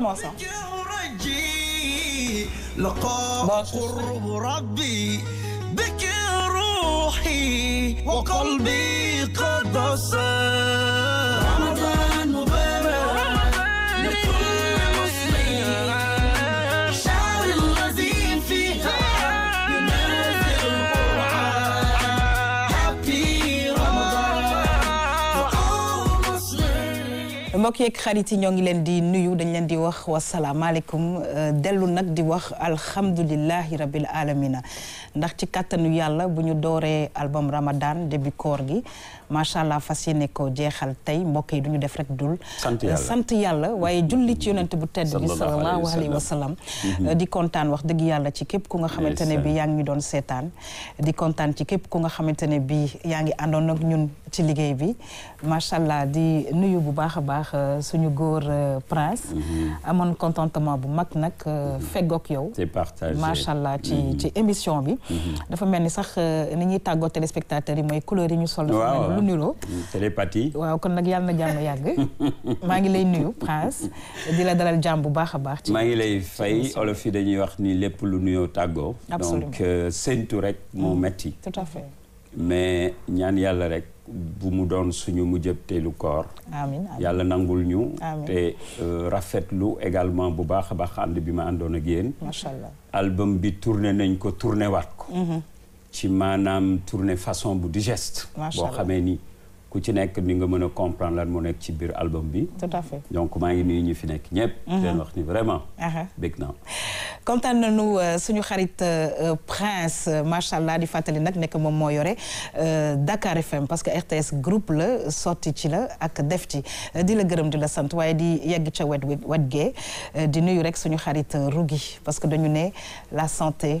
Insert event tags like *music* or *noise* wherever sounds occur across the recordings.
مصر لقاء قرب ربي بك روحي وقلبي قد صار mbokk yeeg xarit yi ñoo ngi leen di nuyu dañ leen di wax wa wasalaamaaleykum euh, dellu nag di wax alhamdulilahi rabil alamina ndax ci kattanu yàlla bu ñu dooree album ramadan début koor gi macha allah fas yéene ko jeexal tey mbokk yi du def rek dul sant yàlla waaye julli ci yonent bu tedd bi sallallahu alayhi wa sallam di kontaan wax dëgg yàlla ci képp ku nga xamante ne bi yaa ngi ñu doon seetaan di kontaan ci képp ku nga xamante ne bi yaa ngi àndoon ak ñun ci liggéey bi macha allah di nuyu bu baax a baax euh, suñu góor euh, prince mhm. amoon contentement bu mag nag euh, mhm. fegook yow macha allah ci mhm. émission bi dafa mel ni sax ni ñuy tàggoo téléspectateurs yi mooy couleur yi ñu sol lu niroo. Mm, télépathie. waaw kon nag yàlla na jàmm yàgg. *laughs* maa ngi lay nuyu Prince di la dalal jàmm bu baax a baax. maa ngi lay fay olof yi dañuy wax ni lépp lu nuyoo tàggoo. donc euh, séntu rek moo mm. metti tout à fait. mais ñaan yàlla rek bu mu doon suñu mujjëbteelu koor yàlla nangul ñu te euh, rafetlu également bu baax a baax ànd bi ma àndoon ak yéen macha allah album bi tourné nañ ko tourné waat ko mm-hmm. ci tourne tourner façon bout digeste boo xamee ni ku ci comprendre ci album bi. tout à fait donc maa ngi nuyu ñi fi que mhm. di wax vraiment. nous, nous euh, suñu xarit euh, euh, Prince Machallah, nous fatali nak nek mom mo Dakar FM parce que RTS groupe la sorti ci la ak def ci di la gërëm di la sant waye di yegg ca wet wet di nuyu rek suñu xarit Rougui parce que dañu ne la santé.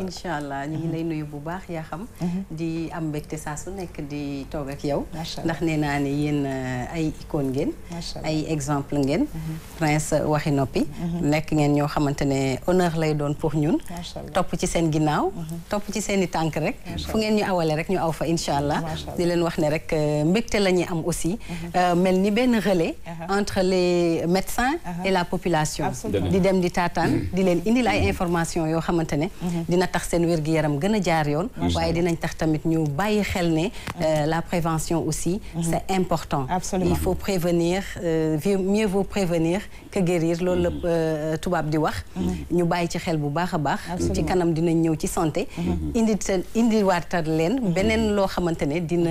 incha allah ñu ngi mhm. lay nuyu bu baax yaa xam mhm. di am mbégte saa su nekk di toog ak yow ndax nee naa ne yéen uh, ay icône ngeen ay exemple ngeen mhm. prince uh, waxi noppi nekk ngeen ñoo xamante ne honneur lay doon pour ñun topp ci seen ginnaaw topp ci seen i tànk rek fu ngeen ñu awale rek ñu aw fa incha allah di leen wax ne rek uh, mbégte la ñuy am aussi mel ni benn relais uh-huh. entre les médecins uh-huh. et la population di dem di taataan di leen indil ay information yoo xamante ne dina tax sen wér-gu-yaram gëna jaar yoon waye dinañ tax tamit ñu bayyi xel ne euh, la prévention aussi mhm. c'est important il faut prévenir euh, mieux vaut prévenir que guérir loolu la mhm. euh, tubaab di wax mhm. ñu bayyi ci xel bu baaxa baax ci kanam dinañ ñëw ci santé indi indi indiwaatal leen beneen loo xamante ne dina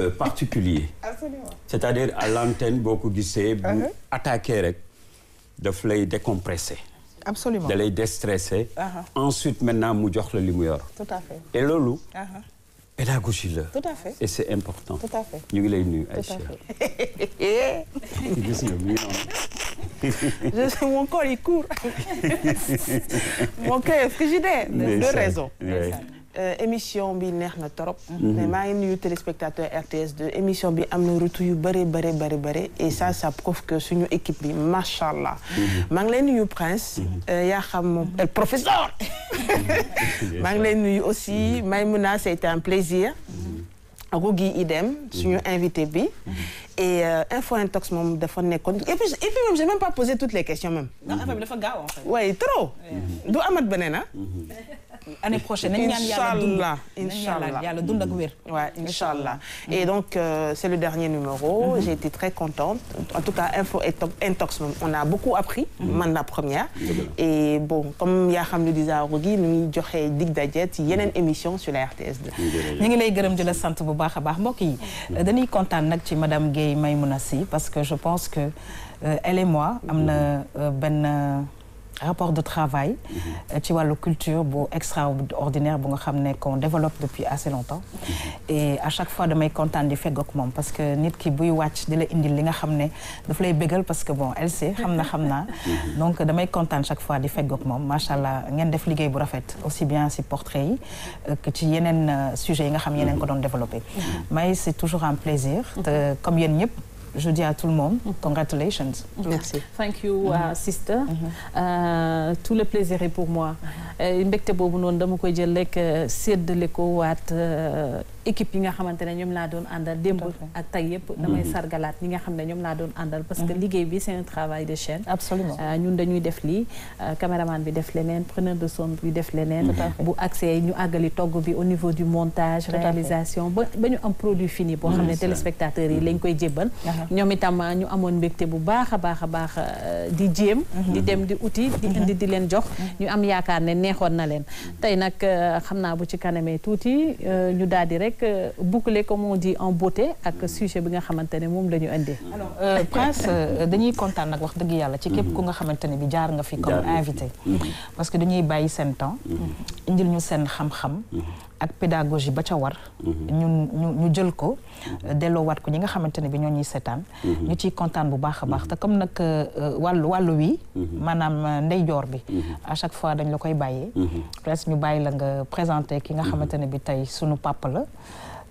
Euh, particulier c'est-à-dire à l'antenne boo ko gisee bu de uh-huh. rek daf lay décompressé absolument da lay déstressé uh-huh. ensuite maintenant mu jox la li tout à fait et le loolu uh-huh. pédagogie la. tout à fait et c'est important. tout à fait ñu ngi lay nuyu Aïcha. *laughs* gis nga muy je mon corps il court. *laughs* mon cœur est frigidaire. de raison. Euh, émission bi neex na trop. Mhm. mais maa ngi nuyu téléspectateur RTS 2 émission bi am na retour yu bëree bëri bëri bëri et ça ça prouve que suñu équipe bi macha allah. Mhm. maa ngi leen nuyu Prince. Mhm. Euh, yaa xam moom el professeur. *laughs* maa ngi leen nuyu aussi Maïmouna c'était un plaisir. Rougui idem suñu invité bi. et euh, Info Intox moom dafa nekkoon et puis et puis même j'ai même pas posé toutes les questions même. non dafa gaaw en fait. Ouais, trop. du amat beneen ah l'année prochaine nañu ñaan et donc euh, c'est le dernier numéro. Mm-hmm. j'ai été très contente en tout cas info intox on a beaucoup appris. Mm-hmm. man la première. et bon comme Yaham xam disait, disa Rougui ñu ngi joxe dig y a une émission sur la RTS 2. Mm-hmm. ñu de lay di la sant bu baax a baax yi dañuy madame gaye maïmounassi parce que je pense que euh, elle et moi amna euh, ben rapport de travail mhm. euh, ci wàllu culture bu extraordinaire bu nga qu'on développe depuis assez longtemps mhm. et à chaque fois damay content di faire moom parce que nit ki buy wàcc di la indil li nga xamné daf lay bégal parce que bon elle sait xamna xamna mhm. donc de donc content chaque fois di feggook moom machallah allah ngeen def liguey bu rafet aussi bien si portrait yi euh, que ci yeneen euh, sujet yi nga xam yenen ko don développé mais c'est toujours un plaisir te comme yéen ñep je dis à tout le monde, congratulations. Merci. Thank you, uh, mhm. sister. Mhm. Uh, tout le plaisir est pour moi. Mhm. Uh, mbégte boobu que dama koy jël c'est de l'éco waat uh, équipe yi nga xamantene ñom la doon andal dembu ak damay mhm. sargalat nga parce que mhm. c'est un travail de chaîne absolument euh, ñun dañuy def euh, bi def preneur de son bi def bu accès ñu togg bi au niveau du montage réalisation am produit fini pour xamne mhm. téléspectateurs yi lañ koy euh, ñu bu a baax di di dem di di indi di jox ñu am yaakaar ne na len tay nak xamna rek euh, boucler comme on dit en beauté ak mm. sujet bi nga xamantene mom lañu andé alors euh, Prince euh, dañuy contane nag wax deug yalla ci képp ku nga xamantene bi jaar nga fi comme invité. Mm-hmm. parce que dañuy bayyi sen temps. Mm-hmm. indil ñu seen xam-xam. Mm-hmm ak pédagogie ba ca war ñun ñu ñu jël ko wat ko ñi nga xamante bi ñoo ñuy seetaan ñu ci kontaan bu baax a baax te comme nak euh, walu walu wi manam euh, ndey jor bi à chaque fois dañ la koy bayé presque ñu bàyyi la nga présenter ki nga xamante bi tay sunu papa la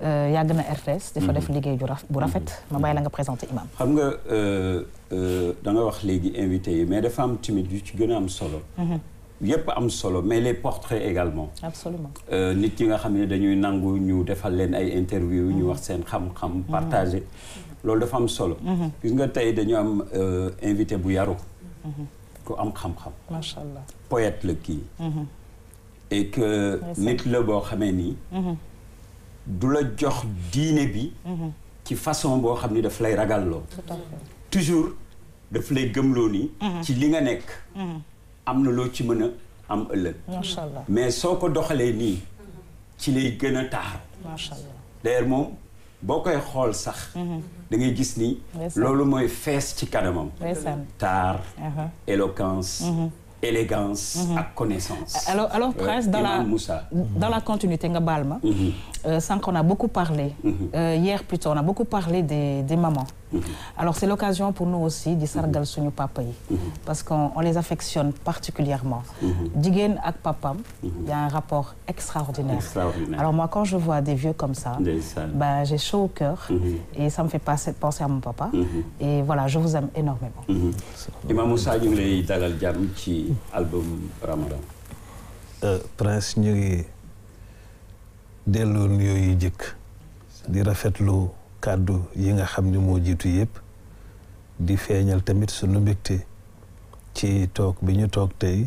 euh, yàgg na RTS dafa def liggéey ju raf bu rafet ma bàyyi la nga présenter imam xam nga euh euh da nga wax légui invité yi mais dafa am timit yu ci gëna am solo yëpp am solo mais les portraits également. absolument euh, nit yi nga xam ne dañuy nangu ñu defal leen ay interview ñu wax seen xam-xam. Mhm. partagé mhm. loolu dafa am solo. Mhm. gis nga tey dañu am euh, invité bu yaru. ku am xam-xam. allah poète la kii. et que nit la boo xamee nii. du la jox diine bi. ci façon boo xam ni daf lay ragalloo. toujours daf lay gëmloo ni. ci li nga nekk amna lo ci meuna a am ëllëg. mais soko doxale ni ci lay gën tar taaru. macha allah d'ailleurs mom bokay xol sax. Mhm. da ngay gis ni. lolu moy fees ci kanamam. tar uh-huh. éloquence. Mhm. élégance mhm. ak connaissance. alors alors Prince dans la dans la continuité nga balma euh, sans qu'on a beaucoup parlé. Euh, hier plutôt on a beaucoup parlé des des mamans. Mhm. alors c'est l'occasion pour nous aussi De sargal suñu papa papas mhm. parce qu'on les affectionne particulièrement mhm. Il ak papam y a un rapport extraordinaire alors moi quand je vois des vieux comme ça bah, j'ai chaud au cœur et ça me fait penser à mon papa et voilà je vous aime énormément Et Moussa ñu lay ci album Ramadan euh, Prince ñu ngi kàddu yi nga xam ni moo jiitu yëpp di feeñal tamit sunu mbégte ci toog bi ñu toog tey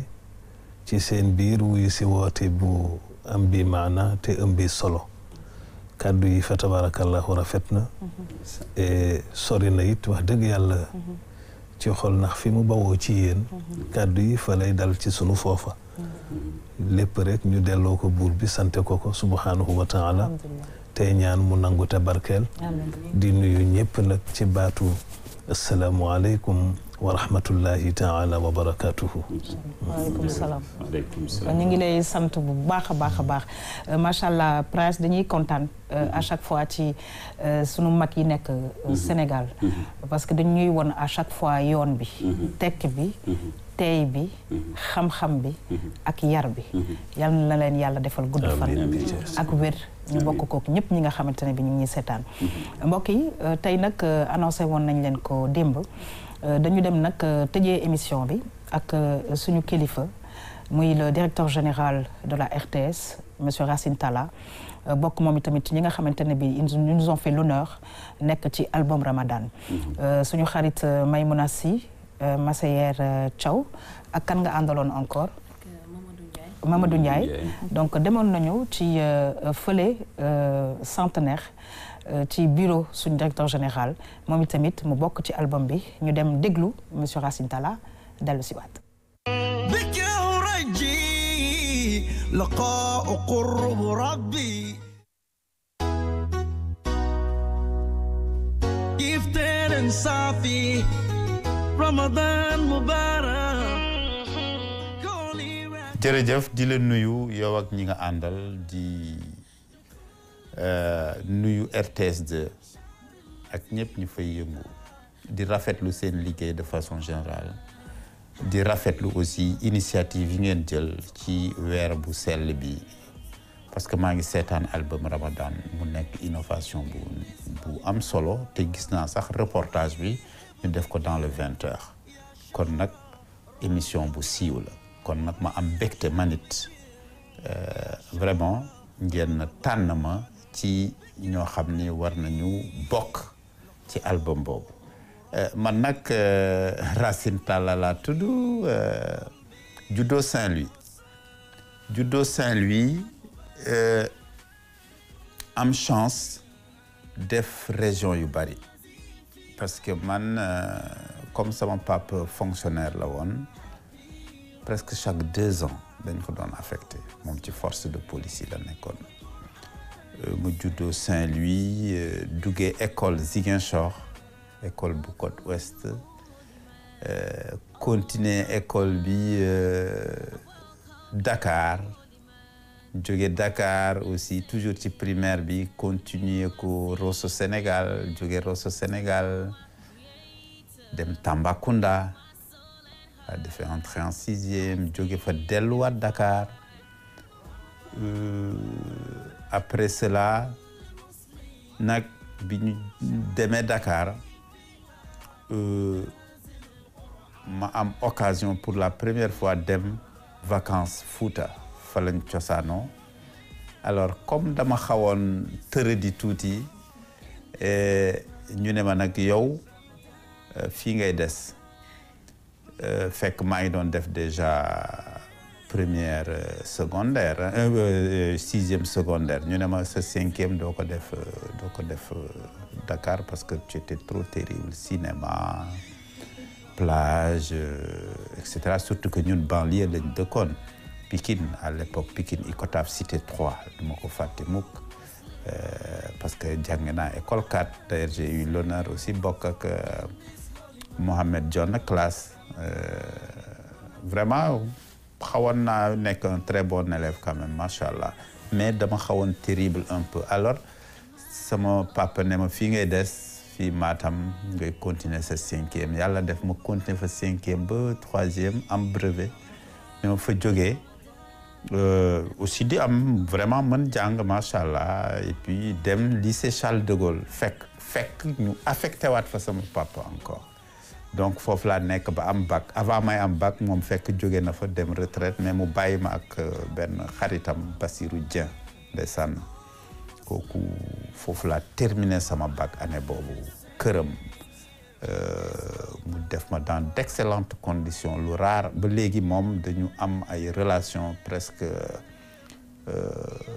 ci seen biir wuyu si woote bu am bi maana te am bi solo kàddu yi fa tabarakallahu rafet na mm-hmm. e sori na it wax dëgg yàlla mm-hmm. ci xol ndax fi mu bawoo ci yéen mm-hmm. kàddu yi fa lay dal ci sunu foofa lépp rek ñu delloo ko buur bi sante ko ko subhanahu wa taala tey ñaan mu nangu te barkeel di nuyu ñëpp nag ci baatu asalaamualeykum wa rahmatullahi taala wa barakatuhu waaleykum salaam ñu ngi lay sant bu baax a baax a baax euh, macha allah prince dañuy kontaan euh, à chaque fois ci euh, sunu mag yi nekk mhm. Sénégal mhm. parce que dañuy won à chaque fois yoon bi mhm. tekk bi teey bi xam-xam bi ak yar bi yalla, na leen yalla defal gudd fan ak wer ñu bokk ko ñep ñi nga xamantene bi ñu ngi seetaan mbokk yi euh, tay nak euh, annoncé won nañ leen ko démb euh, dañu dem nak tëjee émission bi ak suñu kilifa muy le directeur général de la RTS monsieur Racine Tala, bokk momi tamit ñi nga xamantene bi ils nous ont fait l'honneur nek ci album Ramadan mm-hmm. suñu xarit Maymuna euh, Massayer euh, Thiaw ak kan nga andalon encore. Euh, Mamadou Ndiaye donc demoon nañu ci fële centenaire ci bureau sous directeur général momi tamit mu bok ci album bi ñu dem déglu monsieur Racine Talla Ramadan Mubarak jërëjëf nuyu yow ak euh, nuyu RTS 2 ak ñu fay yëngu di de façon générale di aussi initiative yi ngeen jël ci bi parce que maa ngi album Ramadan mu innovation bu bu am solo te sax reportage bi ñu def ko dans le vingt heures kon nag émission bu siiw la kon nag ma am mbégte manit euh, vraiment ngeen tànn ma ci ñoo xam ni war nañu bokk ci album boobu euh, man nag euh, Racine Talla laa tudd juddoo Saint-Louis juddoo Saint-Louis am chance def région yu bari parce que man euh, comme mon pape fonctionnaire là presque chaque deux ans je ko donne affecté petit force de police l'école. l'école. suis Saint-Louis euh, dougué école Ziguinchor école boucot ouest euh, continuer école bi Dakar Jouer Dakar aussi toujours type primaire bi continuer ko Rosso Sénégal jouer Rosso Sénégal dem Tambacounda a faire entrer en sixième jouer fa Deloua Dakar euh, après cela nak bi ñu Dakar euh, ma eu l'occasion pour la première fois dem vacances Fouta fa lañ cosaanoo alors comme dama xawoon tëradi tuuti eh, ñu ne ma nag yow eh, fii ngay des eh, fekk maa ngi doon def déjà première secondaire hein, sixième secondaire ñu ne ma sa cinquième doo ko def doo ko def Dakar parce que tu étais trop terrible cinéma plage et cetera surtout que ñun banlieue lañ dëkkoon Pikin à l'époque Pikine Icotaf cité 3 duma ko fàtte mukk parce que jàng naa école 4 j'ai eu l'honneur aussi beaucoup ak euh, Mohamed John classe euh, vraiment xawoon naa nekk un très bon élève quand même macha mais dama xawoon terrible un peu alors sama papa ne ma fii ngay des fii Matam ngay continuer sa cinquième Yalla def ma continuer fa cinquième ba troisième am brevet mais on fa jógee Euh, aussi di am vraiment mën jàng macha allah et puis dem lycée Charles de Gaulle fekk fekk ñu affecté waat fa sama papa encore donc foofu laa nekk ba am bac avant may am bac moom fekk jóge na fa dem retraite mais mu bàyyi ma ak euh, benn xaritam basiru Dieng ndeysaan kooku foofu laa terminer sama bac année boobu këram Euh, mu def dans d'excellentes conditions lu rare ba léegi moom dañu am ay relations presque euh,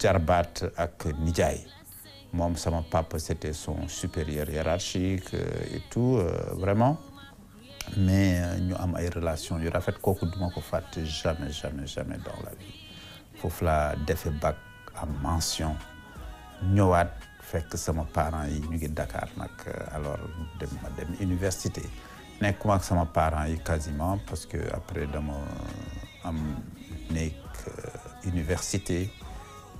jarbaat ak nijaay moom sama papa c'était son supérieur hiérarchique euh, et tout vraiment mais ñu am ay relations yu rafet kooku duma ko fàtte jamais jamais jamais dans la vie foofu la defee bac am mention fekk sama parents yi ñu ngi Dakar nag euh, alors dem ma dem université nekkuma ak sama parents yi quasiment parce que après dama am nekk euh, université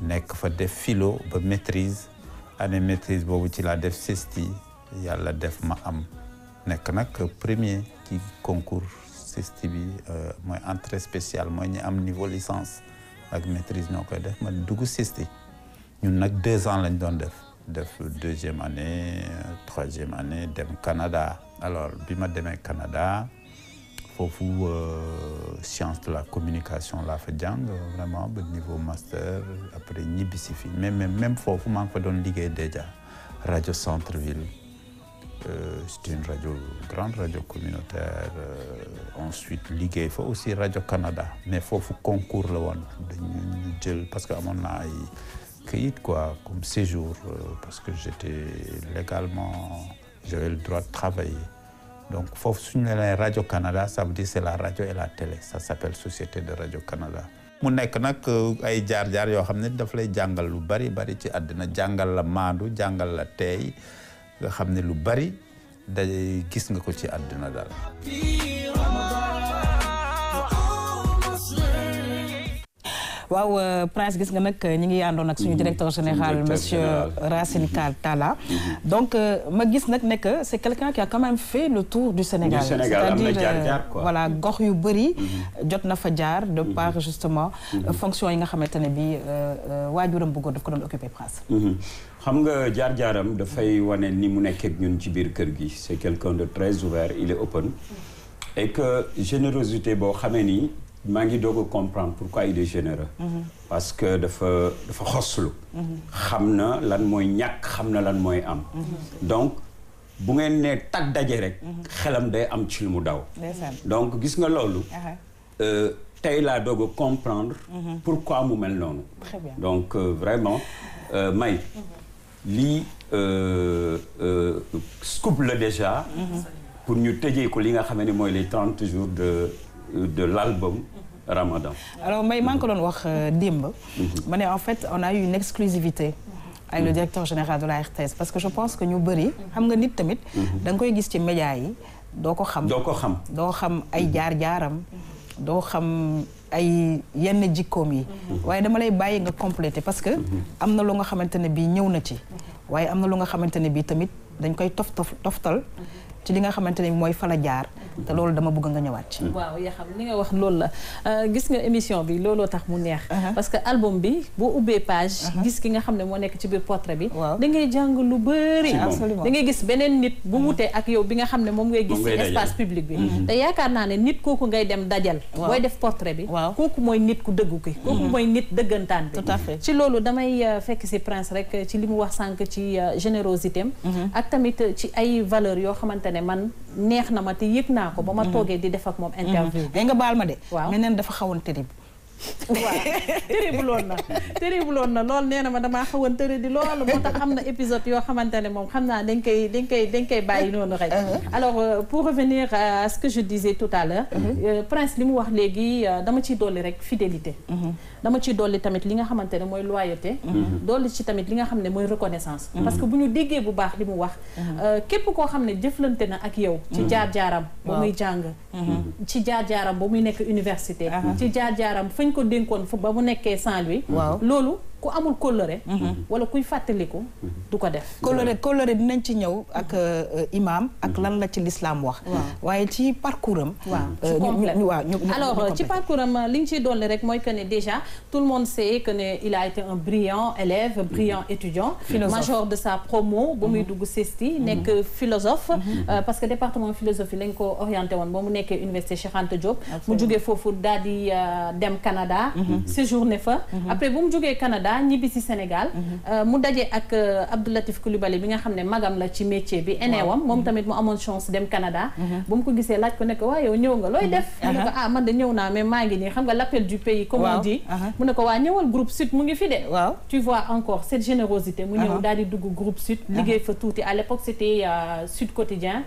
nekk fa def philo ba maîtrise année maîtrise boobu ci laa def CESTI yàlla def ma am nekk nag premier ci concours CESTI bi euh, mooy entrée spéciale mooy ñi am niveau licence ak maîtrise ñoo koy def ma dugg CESTI ñun nag deux ans lañ doon def deuxième année troisième année dem Canada alors bi ma Canada, Canada vous euh, science de la communication la fa vraiment au niveau master après ñibbisi mais même même vous fa déjà radio centre-ville euh, c'est une radio grande radio communautaire euh, ensuite il faut aussi radio Canada mais faut concours le one parce que mon âge, quoi, comme séjour, euh, parce que j'étais légalement, j'avais le droit de travailler. Donc, Radio-Canada, ça veut dire c'est la radio et la télé. Ça s'appelle Société de Radio-Canada. mu nekk nak euh, ay jaar-jaar yoo xam ne daf lay jàngal lu bari bari ci àddina jàngal la maandu jàngal la teey nga xam ne lu bari day gis nga ko ci àddina daal waaw euh, prince gis nga nak ñi ngi àndoon ak suñu mhm. directeur général monsieur Racine mhm. Talla mhm. donc euh, ma gis nak nek c'est quelqu'un qui a quand même fait le tour du Sénégal c'est-à-dire euh, voilà gox yu bëri jot na fa jaar de par justement fonction yi nga xamantene ne bi wajuram bu góor daf ko doon occupé prince xam nga jaar-jaaram fay wane ni mu nekk ak ñun ci biir kër gi c'est quelqu'un de très ouvert il est open et que générosité boo xamee ni Mangi ngi comprendre pourquoi il dégénère mhm. parce que dafa dafa xoslu mhm. xam na lan mooy ñàkk xam na lan mooy am mhm. donc bu ngeen nee tag daje rek xelam day am ci lu mu daw donc gis nga loolu euh, tey laa doog a comprendre pourquoi mu mel noonu donc euh, vraiment euh, May lii scoop la déjà pour ñu tëjee ko li nga xam ne mooy les trente jours de de l'album Ramadan. Alors, Maïman, que l'on Dimbe, en fait, on a eu une exclusivité avec le mhm. directeur général de la RTS. Parce que je pense que nous, que nous avons dit que nous avons dit que dit que nous avons dit que nous avons dit que nous avons dit que nous avons dit que nous avons dit que nous compléter parce que que mhm. lu nga que ne avons na ci avons dit lu nga ne tamit dañ que mhm. nous te loolu dama bëgg nga ñëwaat waaw li nga wax loolu la euh, gis nga émission bi looloo tax mu neex. Uh-huh. parce que album bi boo ubbee page. Uh-huh. gis ki nga xam ne moo nekk ci biir portrait bi. da ngay jàng lu bëri. da ngay gis beneen nit bu uh-huh. wutee ak yow bi nga xam ne moom ngay gis. ci bi. Mm-hmm. te yaakaar naa ne nit kooku ngay dem dajal. booy def portrait bi. kooku mooy nit ku dëggu ki. kooku mm-hmm. mooy nit dëggantaan tout à fait ci loolu damay euh, fekk si Prince rek ci li mu wax sànq ci euh, générosité am. Mm-hmm. ak tamit ci ay valeurs yoo xamante ne man neex na ma te yëg naa ko ba ma mhm. toogee di def ak moom mhm. interview. mais nga baal ma de. waaw mais neen dafa xawoon terrible. waaw tëre bu loon na tëre bu loon na lool nee na ma damaa xawoon tëre di lool moo tax am na épisode yoo xamante ne moom xam naa dañ koy dañ koy dañ koy bàyyi rek uh-huh. Uh-huh. alors euh, pour revenir à ce que je disais tout à l'heure uh-huh. euh, Prince li mu wax léegi euh, dama ciy dolli rek fidélité dama ciy dolli tamit li nga xamante ne loyauté dolli ci tamit li nga xam ne reconnaissance parce que bu ñu déggee bu baax li mu wax képp koo xam ne na ak yow ci jaar jaaram ba muy jàng ci jaar jaaram ba muy nekk université ci jaar jaaram lañ ko dénkoon fa ba mu nekkee Saint-Louis. waaw loolu ku amul kóllëre mhm. wala kuy fateliko du ko def kóllëre kóllëre dinañ ci ñew ak euh, euh, imam ak mhm. lan la ci l'islam wax waye ci parcours am waaw alors ci parcoursam liñ ci ñu rek moy que ne déjà tout le monde sait que ne il a été un brillant élève mhm. brillant étudiant major de sa promo ba muy dugg CESTI nekk philosophe euh, parce que département philosophie lañ ko orienté won ba mu nekkee université Cheikh Anta Diop mu jógee fofu daal di dem Canada séjourné fa après bu mu jógee Canada Canada ñibbi si Sénégal mhm. euh, mu dajé ak euh, Abdou Latif Koulibaly bi nga xamné magam la ci métier bi eneewam mom tamit mu amone chance dem Canada mhm. ba mu ko gisee laaj ko nek wa yow ñëw nga loy mhm. def uh-huh. ah man da ñëw na mais ma ngi ni xam nga l'appel du pays comme on dit uh-huh. mu ne ko wa ñëwal groupe sud mu ngi fi dé. tu vois encore cette générosité mu ñëw uh-huh. dal di dugg groupe sud liggé fa touti à l'époque c'était euh, sud quotidien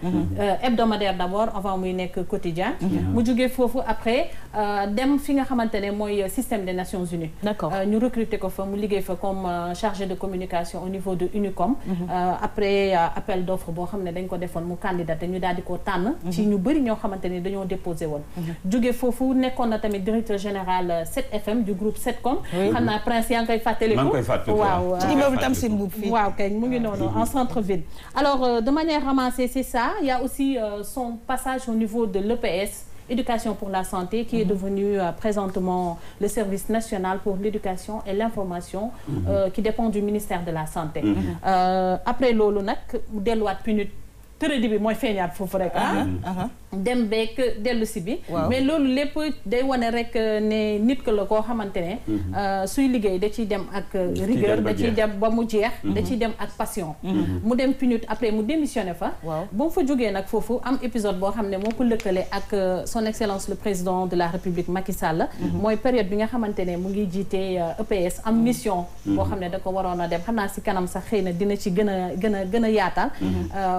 hebdomadaire d'abord avant muy nekk quotidien mu joggé fofu après dem fi nga xamante moy système des Nations Unies d'accord ñu recruter ko fa mu comme euh, chargé de communication au niveau de Unicom. Mhm. Euh, après euh, appel d'offre dañ ko mu candidaté ñu nous mhm. ci ñu nous déposé mhm. directeur général 7FM du groupe 7com. prince fait centre ville. alors de manière ramassée c'est ça il y a aussi son passage au niveau de l'EPS. Éducation pour la santé, qui est mhm. devenu euh, présentement le service national pour l'éducation et l'information, mhm. euh, qui dépend du ministère de la Santé. Mhm. Euh, après l'Olonac, des lois de punit tëradi bi mooy feeñaat foofu rek ah, ah. ah, ah. dem beeg dellu si bi mais loolu lépp day wane rek euh, ne nit que la koo xamante ne mhm. euh, suy liggéey da ciy dem ak euh, rigueur da ciy dem ba mu jeex da mhm. dem ak passion mhm. mu dem après mu démissionné fa Bon, mu fa jógee nag am épisode bo hamne mon moo ko lëkkale ak son excellence le président de la république Macky Sall Moi, période bi nga xamante ne mu ngi EPS e am mission bo hamne ne da ko waroon dem xam si kanam sax xëy na dina ci gën a gën a gën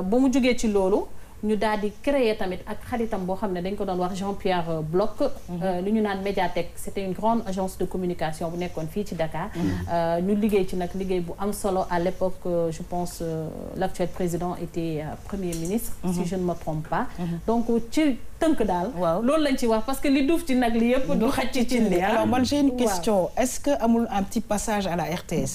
ba mu jógee ci loolu ñu daal créer tamit ak xaritam bo xamné dañ ko doon wax Jean-Pierre euh, Bloch mhm. euh, li ñu nane Mediatech c'était une grande agence de communication bu nekkoon fi ci Dakar mhm. euh, ñu liggéey ci nak liggéey bu am solo à l'époque je pense l'actuel président était premier ministre mhm. si je ne me trompe pas donc ci teunk dal loolu lañ ci wax parce que li duuf ci nak li yëpp du xacc ci ah. alors man j'ai une question est-ce que amul un petit passage à la RTS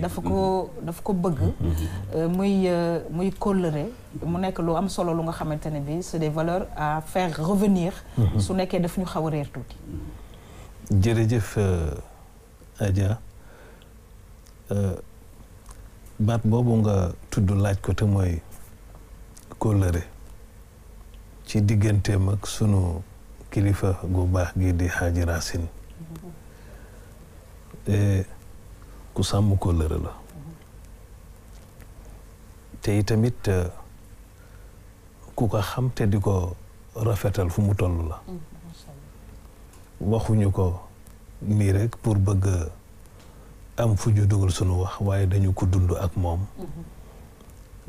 dafa ko mhm. dafa ko bëgg mhm. euh, muy euh, muy kóllëre mu nekk lu am solo lu nga xamante ne bi c'est des valeurs à faire revenir mhm. su nekkee daf ñu xaw a réer tuuti jërëjëf euh, Adja baat boobu nga tudd laaj ko te mooy kóllëre ci diggante ak sunu kilifa gu baax gi di Xaaji ku sàmm kóllëre la te itamit euh, ku ko xam te di ko rafetal fu mu toll la mm, waxuñu ko nii rekk pour bëgg am fu ñu dugal sunu wax waaye dañu ko dund ak moom mm-hmm.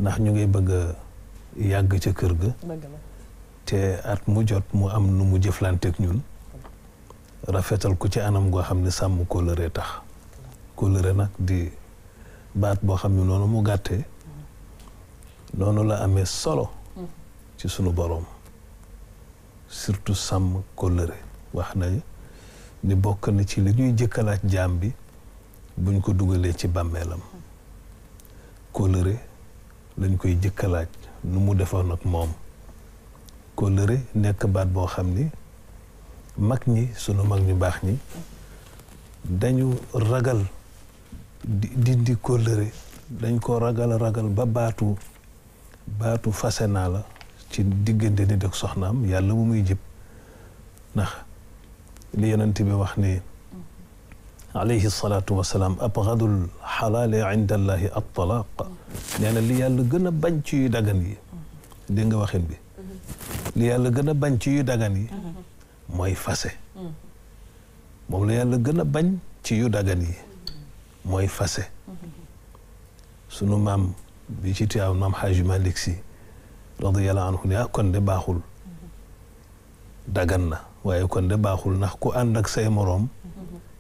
ndax ñu ngi bëgg a yàgg ca kër ga te at mu jot mu am nu mu jëflanteek ñun mm-hmm. rafetal ko ci anam goo xam ne sàmm kóllëre tax kóllëre nag di baat boo xam ne noonu mu gàttee noonu la amee solo ci sunu boroom surtout sàmm kóllëre wax na ni bokk na ci li ñuy jëkkalaat jaam bi buñ ko dugalee ci bàmmeelam kóllëre lañ koy jëkkalaaj nu mu defoon ak moom kóllëre nekk baat boo xam ni mag ñi sunu mag ñu baax ñi dañu ragal di dindi kóllëre dañ ko ragal ragal ba baatu baatu fase naa la ci diggante nit ak soxnaam yàlla mu muy jib ndax li yonent bi wax ni alayhi salaatu wasalaam abgadul xalaali inda allahi attalaaq nee gën a bañ ci yu dagan yi dégg waxin bi li yàlla gën a bañ ci yu dagan yi mooy fase moom la yàlla gën a bañ ci yu dagan yi moy fase sunu mam bi ci tiaw mam haji malik si radiyallahu anhu ne ah kon de baxul dagan na waaye kon de baxul ndax ku and ak say morom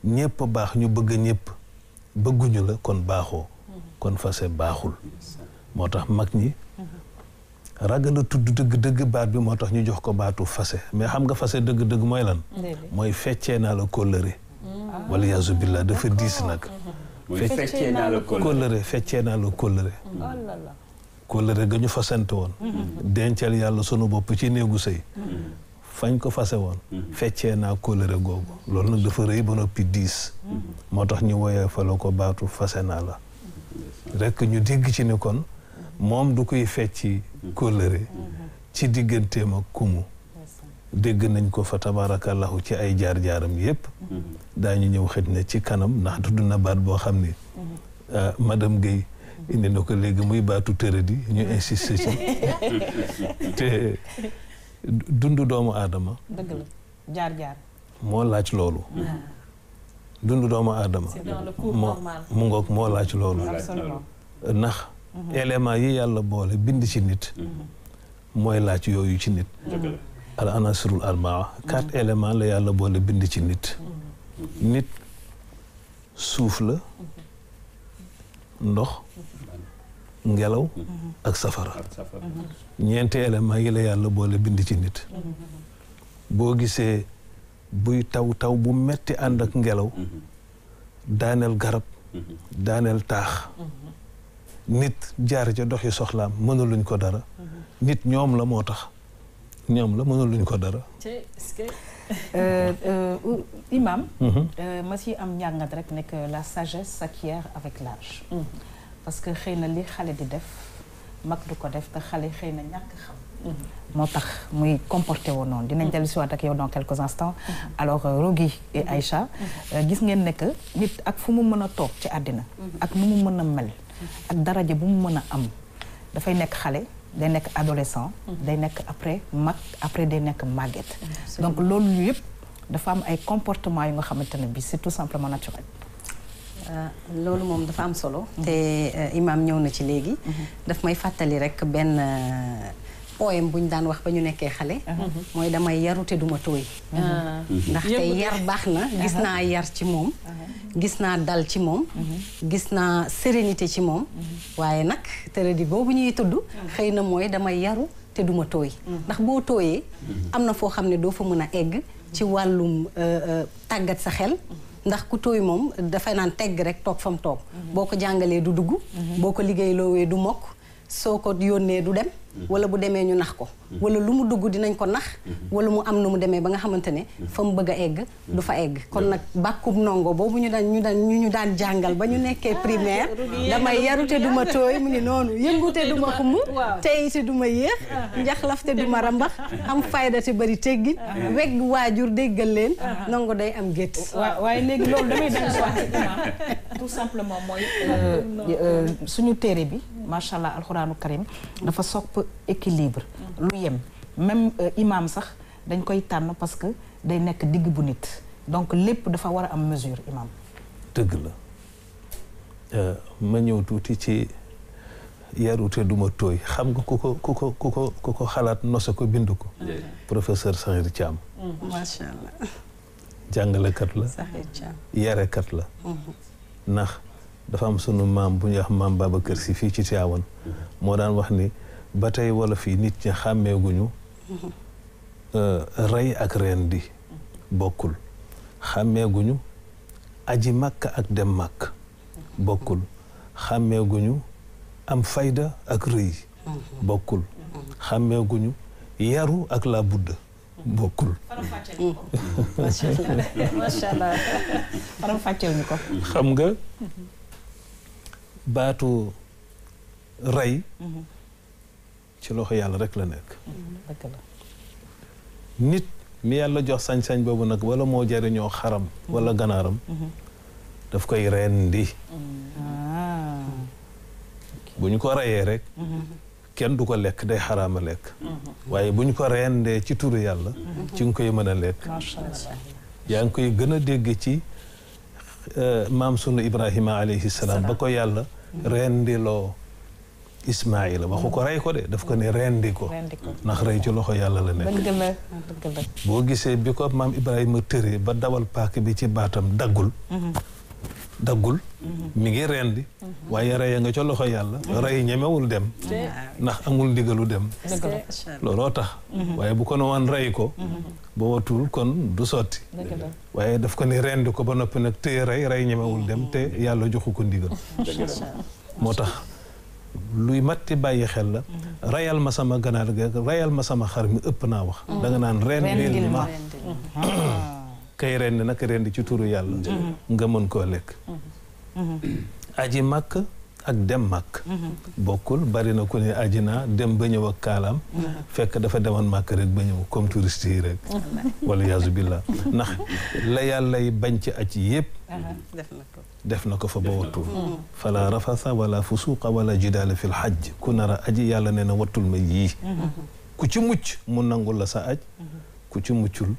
ñepp bax ñu bëgg ñëpp bëgguñu la kon baxo kon fase baxul motax mag ñi ragana tudd deug deug baat bi motax ñu jox ko baatu fase mais xam nga fase deug deug moy lan moy feccee na la kóllëre ah. wala yaasu dafa feccee naa la kóllëre feccee mm. naa oh la kóllëre kóllëre ga ñu fasante woon mm-hmm. dencal yàlla sunu bopp ci néegu sëy mm-hmm. fañ ko fase woon mm-hmm. fecce naa kóllëre googu loolu nag dafa rëy ba noppi diis moo tax ñu woyee fa la ko baatu fase naa la rek ñu dégg ci ni kon moom du koy fecci kóllëre ci digganteem ak kumu dégg nañ ko fa tabarakallahu ci ay jaar-jaaram yépp daañu ñëw xet na ci kanam ndax dund na baat boo xam ni euh, madame Guèye indi na ko léegi muy baatu tëradi ñu insisté ci *laughs* te dundu doomu aadama dëgg la loolu ah. dundu doomu aadama moo mu ngoog moo laaj loolu ndax mhm. élément yi yàlla boole bind ci nit mhm. mooy laaj yooyu ci nit al anasirul arbaa quatre éléments la yàlla boole bind ci nit nit suuf la ndox ngelaw ak safara ñeenti éléments yi la yàlla boole bind ci nit boo gisee buy taw taw bu metti ànd ak ngelaw daaneel garab daaneel taax nit jaar ca doxi soxlaam mënuluñ ko dara nit ñoom la moo tax ñoom la luñ ko dara. Euh, euh, imam mhm. euh, ma si am ñangat rek nek la sagesse s'acquiert avec l'âge mm. parce que xeyna li xalé di def mak du ko def te xalé xeyna ñak xam mm-hmm. moo tax muy comporté woon noonu dinañ mm-hmm. dellusiwaat ak yow dans quelques instants mm-hmm. alors Rogi et Aïcha gis ngeen ne que nit ak fu mu mën a toog ci àddina ak nu mu mën a mel ak daraja bu mu mën a am dafay nekk xale des nekk adolescents, des nek après mag après des nekk màgget donc loolu de dafa am ay comportement yu nga bi c'est tout simplement naturel euh, loolu mom dafa am solo mm-hmm. te euh, imam ñëw na ci léegi mm-hmm. daf may fàttali rek benn poème bu ñu daan wax ba ñu nekkee xale mooy damay yarute duma tooy ndax tey yar baax na gis naa yar ci moom gis naa dal ci moom gis naa sérénité ci moom waaye nag tëradi boobu ñuy tudd xëy na mooy damay yaru te duma tooy ndax boo tooyee am na foo xam ne doo fa mën a egg ci wàllum euh, euh, tàggat sa xel ndax ku tooy moom dafay naan teg rek toog fa mu toog boo ko jàngalee du dugg boo ko liggéey loowee du mokk soo ko yónnee du dem wala bu démé ñu nax ko wala lu mu dugg dinañ ko nax wala mu am nu mu démé ba nga xamantene fam bëgg a du fa egg kon nag bàkkub ndongo boobu ñu daan ñu daan ñu ñu daan jangal ba ñu nekké primaire dama ah, yarute duma toy mu ngi noonu yëngute duma ko mu tay ci duma yéex ah. njaxlafte lafté duma rambax am fayda ci bari téggi ah. wégg wajur déggal leen nongo day am gëtt waaye légui lool damay dañ ci tout simplement mooy euh, euh, suñu téré bi machallah alcorane karim dafa sopp dafa équilibre mm-hmm. lu yem même euh, imaam sax dañ koy tànn parce que day nekk digg bu nit donc lépp dafa war a am mesure imam dëgg la euh, ma ñëw tuuti ci yarute duma tooy xam nga ku ko ku ko ku ko xalaat nosa ko bind ko professeur Sakhir Thiam mm-hmm. macha allah jàngalekat la yarekat la mm-hmm. ndax dafa am sunu maam bu ñu wax maam Babacar Si fii ci Tiwaawan moo daan wax ni ba tey wala fii nit ñi xàmmeeguñu rey ak reen di bokkul xàmmeeguñu aji màkk ak dem màkk bokkul xàmmeeguñu am fayda ak rëy bokkul xàmmeeguñu yaru ak la budd bokkul xam nga baatu rey ci loxo yàlla rek la nekk mm-hmm. nit mi yàlla jox sañ-sañ boobu nag wala moo jariñoo xaram wala mm-hmm. ganaaram mm-hmm. daf koy rendi ah. bu ñu ko rayee rek kenn du ko lekk day xaraama lekk waaye bu ñu ko rendee ci turu yàlla ci nga koy mën a lekk yaa ngi koy gën dégg ci euh, maam sunu ibrahima alayhi ba ko yàlla rendiloo Ismaïla waxu ko rey ko de daf ko ne rendi ko ndax rey ci loxo yàlla la nekk boo gisee bi ko maam Ibrahima tëree ba dawal paak bi ci baatam daggul mu mhm. mhm. ngi rendi mhm. waaye rey nga ca loxo yàlla rey ñemewul dem ndax amul ndigalu dem looloo tax waaye bu ko ne woon rey ko ba watul kon du sotti waaye daf ko ne rendi ko ba noppi nag téye rey rey ñemewul dem te yàlla joxu ko ndigal moo tax luy matti bàyyi xel la reyal ma sama ganaar ga rayal ma sama xar mi ëpp naa wax mm. danga naan rendil ma *coughs* kay rendi naka rendi ci turu yàlla mm-hmm. nga mën koo lekk mm-hmm. Mm-hmm. aji màkk ak dem màkk mm-hmm. bokkul bari na ku ne aji naa dem ba ñëw mm-hmm. fekk dafa demoon màkk rek ba ñëw comme touriste rek mm-hmm. wala yaasu billah ndax la yàlla yi bañ ci aj yëpp def na ko fa ba wattul fala rafasa wala fusuqa wala jidaala fil hajj ku nar a yàlla nee na wattul ma yii ku ci mucc mu nangul la sa aj ku ci muccul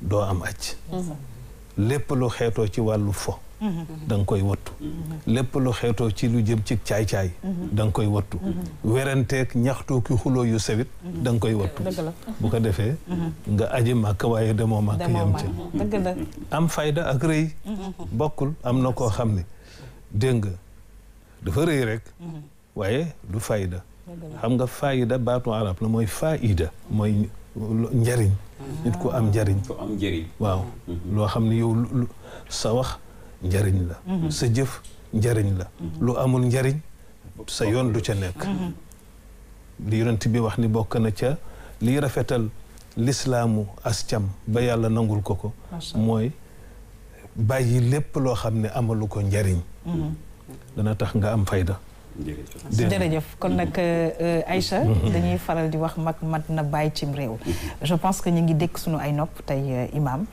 doo am aj lépp lu xeetoo ci wàllu fo da nga koy wattu lépp lu xeetoo ci lu jëm ci caay-caay da nga koy wattu weranteeg ñaxtoo ki xuloo yu sewit da koy wattu bu ko defee nga aji màkk waaye demoo màkk yam ca am fayda ak rëy bokkul am na koo xam ne dégg dafa rëy rek waaye du fayda xam nga fayda baatu arab la mooy faida mooy njariñ nit ku am njariñ waaw mm-hmm. loo xam ne yow sa wax njariñ la mhm. sa jëf njariñ la mhm. lu amul njariñ sa yoon du ca nekk mhm. li yonent bi wax ni bokk na ca liy rafetal lislaamu ascam ba yàlla nangul ko ko mooy bàyyi lépp loo xam ne amalu ko njariñ dana tax nga am fayda jërëjëf kon nak mm-hmm. euh, euh, Aïcha mm-hmm. dañuy faral di wax mak mat na bàyyi cim réew mm-hmm. je pense que ñi ngi dégg suñu ay nopp tay euh, imam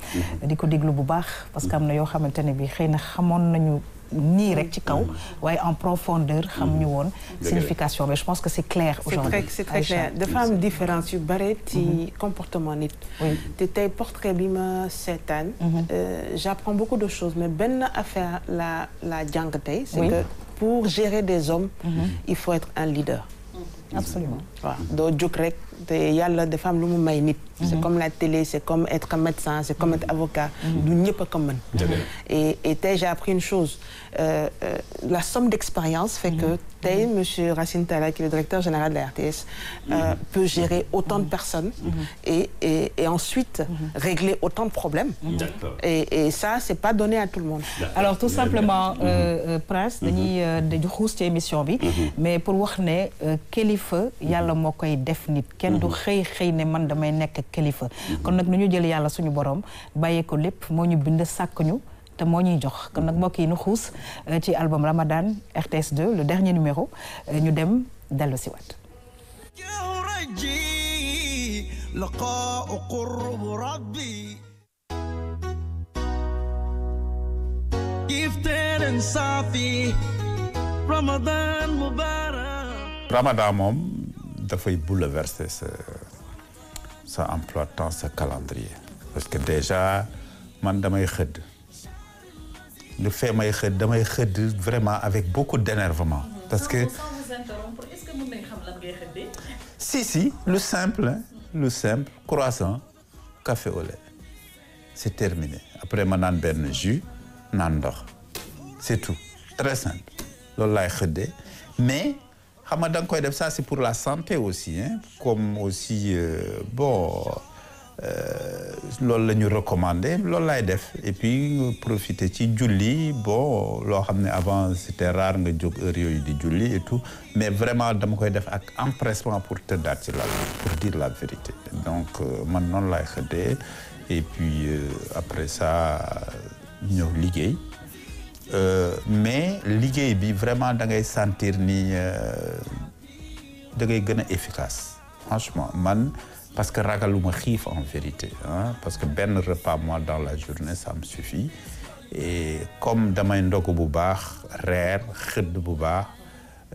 diko ko déglu bu baax parce que amna yo xamantene bi xeyna xamone nañu ni rek ci kaw waaye en profondeur xam won signification mais je pense que c'est clair aujourd'hui c'est très clair De femmes différentes yu bare ci comportement nit te tay portrait bi ma setan, j'apprends beaucoup de choses mais ben affaire la la jàng tay c'est que pour gérer des hommes, mhm. il faut être un leader. absolument Donc, je crois que les femmes sont les plus c'est mhm. comme la télé c'est comme être un médecin c'est comme mhm. être avocat mhm. Nous n'y sommes pas comme et et j'ai appris une chose euh, euh, la somme d'expérience fait que tey monsieur Racine Tala, qui est le directeur général de la RTS euh, peut gérer autant de personnes et et ensuite régler autant de problèmes et et ça c'est pas donné à tout le monde alors tout simplement Prince dañuy de xuus c'est émission mais pour wax dire, quel est le koy def nit défini du est le ne man damay défini kilifa kon nag nu ñu jël yàlla suñu borom bàyyee lépp moo ñu bind sàkk ñu te moo ñuy jox kon nag mbokk yi nu xuus euh, ci album Ramadan RTS 2 le dernier numéro euh, ñu dem dellu si waat لقاء قرب ربي يفترن صافي رمضان مبارك moom dafay bouleverser sa ça emploi tant ce calendrier parce que déjà man damay xëdd le fait may xëdd damay xëdd vraiment avec beaucoup d'énervement parce que vous si si le simple Si, hein, le simple croissant café au lait c'est terminé après ma naan un jus naan ndox c'est tout très simple loolu laay xëddee mais xam nga da koy def ça c'est pour la santé aussi hein comme aussi euh, bon euh, lolu lañu recommandé lolu lay def et puis profiter ci julli bon lo xamné avant c'était rare nga jog heure yoy di julli et tout mais vraiment dama koy def ak empressement pour tëddaat ci la pour dire la vérité donc euh, man non lay xedé et puis euh, après ça ñeu liggéey euh, mais liggéey bi vraiment da ngay sentir ni euh, efficace franchement man parce que ragaluma xiif en vérité hein, parce que ben repas moi dans la journée ça me suffit et comme je suis bu baax reer xëdd bu baax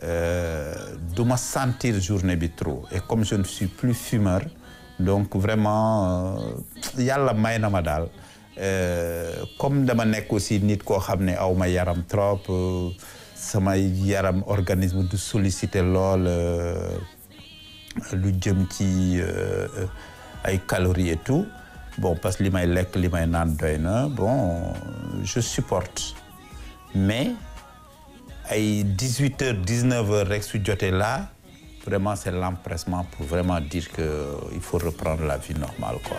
je euh, ma sentir journée bi trop et comme je ne suis plus fumeur donc vraiment la main dans ma dalle. Euh, comme dama nek aussi nit ko xamné awma yaram trop euh, sama yaram organisme du solliciter lol euh, lu jëm ci ay calories et tout bon parce que li may lekk li may naan bon je supporte mais à 18h, 19h, rek su joté là vraiment c'est l'empressement pour vraiment dire que il faut reprendre la vie normale quoi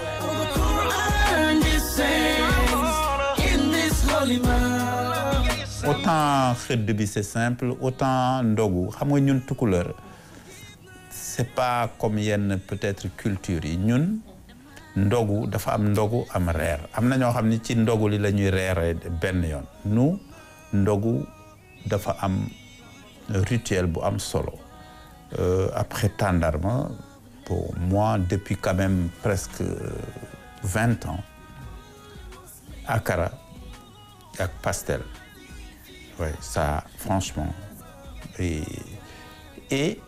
autant xëdd bi c'est simple autant ndogu xam nga ñun couleur. c'est pas comme yenn peut-être culture yi ñun ndogu dafa am ndogu am reer am na ñoo ni ci ndogu li la ñuy reeree Nous yoon ndogu dafa rituel bu am solo euh, après d'armes, pour moi depuis quand même presque 20 euh, ans akara avec pastel oui ça franchement et,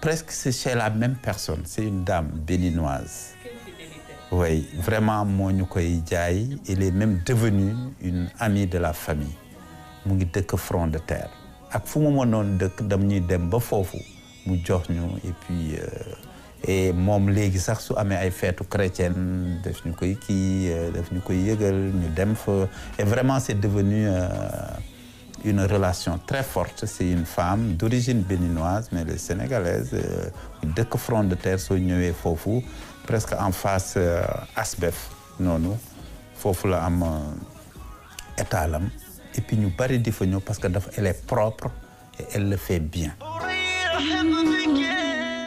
presque c'est chez la même personne c'est une dame béninoise oui vraiment moo ñu koy elle est même devenue une amie de la famille mu ngi dëkk front de terre ak et puis euh, et mom légui sax su amé ay fêtes chrétienne def ñu koy kii daf ñu koy ñu dem fa et vraiment c'est devenu euh, une relation très forte c'est une femme d'origine béninoise mais le est sénégalaise deux front de terre so ñëwee fofu presque en face euh, Asbef non, fofu la am état euh, étalam. et puis ñu bari di fa ñëw parce que dafa elle est propre et elle le fait bien